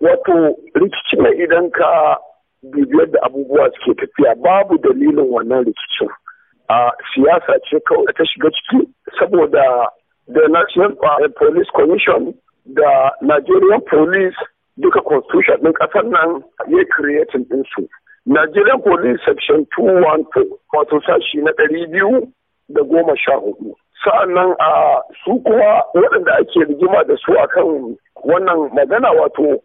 wato rikici mai idan ka bibiyar da abubuwa suke tafiya babu dalilin wannan rikicin a siyasa ce kawai da ta shiga ciki saboda da national eh, police commission da nigerian police duka constitution ɗin ƙasar nan ya creating su nigerian police section 214 wato sashi na ɗari biyu da goma sha hudu sa'annan a su kuma waɗanda ake rigima da su akan wannan magana wato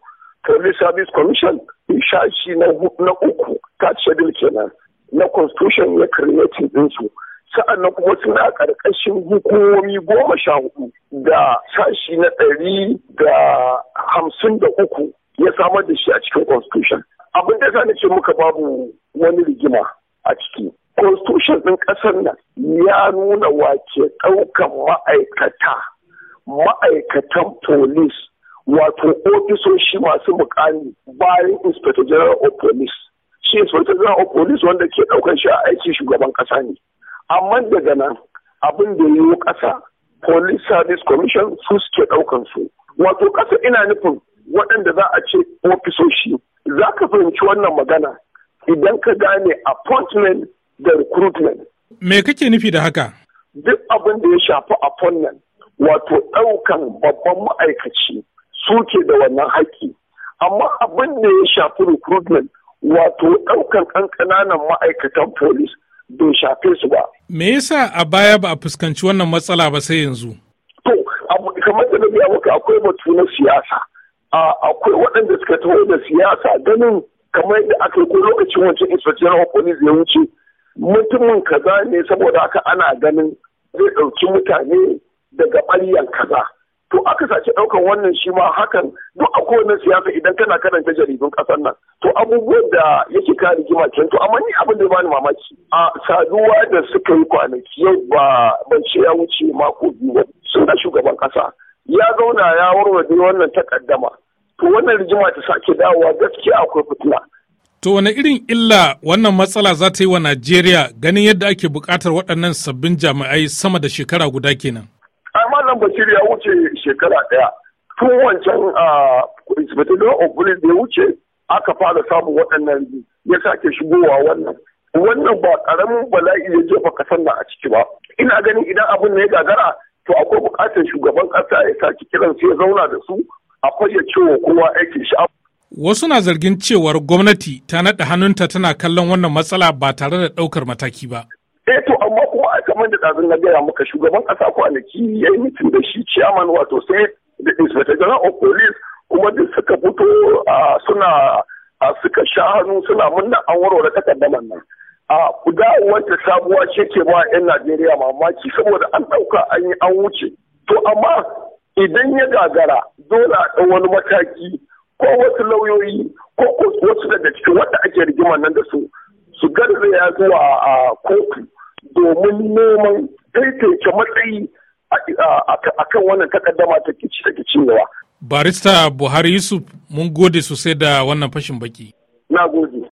Civil Service Commission in shashi na uku ta schedule kenan na constitution ya din ɗinsu sa'an nan kuma suna ƙarƙashin hukumomi goma sha hudu da sashi na ɗari da hamsin da uku ya samar da shi a cikin constitution abin da zane ce muka babu wani rigima a ciki constitution din ƙasar nan ya nuna wake ɗaukan ma'aikata ma'aikatan police wato ofisoshi masu mukami bayan inspector general of police shi inspector general of police wanda ke ɗaukar shi a aiki shugaban ƙasa ne amma daga nan abin da yi ƙasa police service commission su suke ɗaukan su wato ƙasa ina nufin waɗanda za a ce ofisoshi za ka fahimci wannan magana idan ka gane appointment da recruitment. Me kake nufi da haka? Duk abin da ya shafi appointment wato ɗaukan babban ma'aikaci suke da wannan haƙƙi amma abin da ya shafi recruitment wato ɗaukan ɗan ƙananan ma'aikatan polis bai shafe su ba. Me yasa a baya ba a fuskanci wannan matsala ba sai yanzu? To, kamar da na biya maka akwai batu na siyasa. Akwai waɗanda suka taho da siyasa ganin kamar yadda aka yi ko lokacin wancan inspector general police ya wuce mutumin kaza ne saboda haka ana ganin zai ɗauki mutane daga ɓaryan kaza. to aka sace ɗaukan wannan shi ma hakan duk a kowane siyasa idan kana karanta jaridun ƙasar nan to abubuwan da yake ka rigima kenan to amma ni abin da bani mamaki a saduwa da suka yi kwanaki yau ba ban ce ya wuce mako biyu ba suna shugaban ƙasa ya zauna ya warware wannan takaddama to wannan rigima ta sake dawowa gaskiya akwai fitina To wane irin illa wannan matsala za ta yi wa Najeriya ganin yadda ake buƙatar waɗannan sabbin jami'ai sama da shekara guda kenan? malam bashir ya wuce shekara ɗaya tun wancan inspector of da ya wuce aka fara samun waɗannan ya sake shigowa wannan wannan ba ƙaramin bala'i ya jefa kasan nan a ciki ba ina ganin idan abin ne ya gagara to akwai buƙatar shugaban ƙasa ya sake kiran su ya zauna da su a fayyace wa kowa aikin shi Wasu na zargin cewar gwamnati ta naɗa hannunta tana kallon wannan matsala ba tare da ɗaukar mataki ba. Eh to amma kuma kamar da ɗazun na gaya maka shugaban ƙasa kwanaki ya yi mutum da shi ciyaman wato sai da inspector general of police kuma duk suka fito suna suka sha hannu suna murna an warware takardamar nan a kuda wata sabuwa ce ke ba 'yan najeriya mamaki saboda an ɗauka an yi an wuce to amma idan ya gagara dole a wani mataki ko wasu lauyoyi ko wasu daga cikin wanda ake rigimar nan da su su ya zuwa a kotu domin neman daidaita matsayi a kan wannan takaddama ta kici da Barista Buhari Yusuf mun gode sosai da wannan fashin baki. Na gode.